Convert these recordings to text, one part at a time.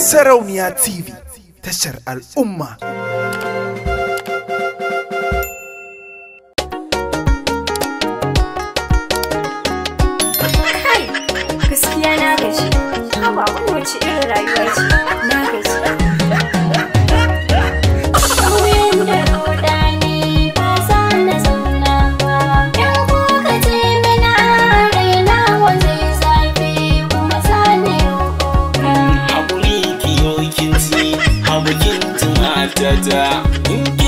Sarauniya TV tashar al'umma. Gaskiya na gaji, haba wani wace irin rayuwa ce. da da.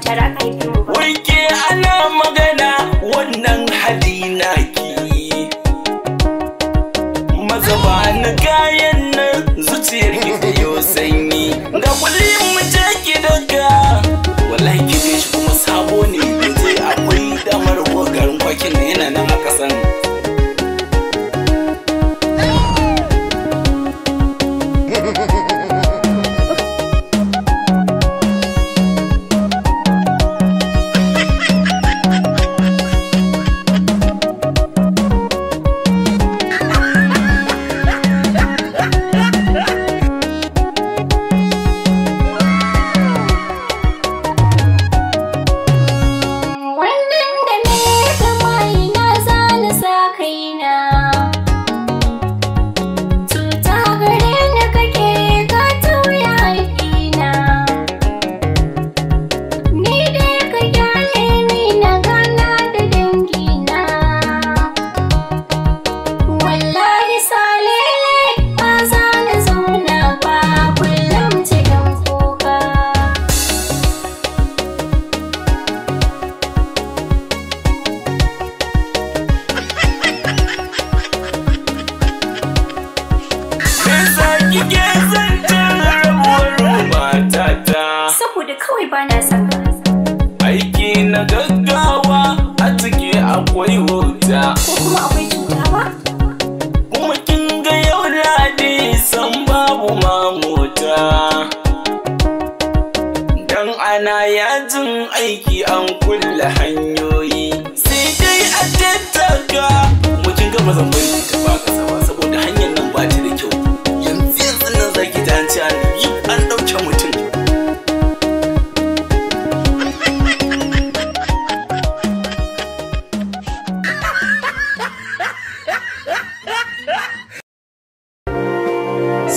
Charana y aiki na gaggawa a ciki akwai wuta ko kuma akwai kuma kin ga yau ladi san babu mamuta dan ana yajin aiki an kulle hanyoyi sai dai a tattaka mu kin ga mazan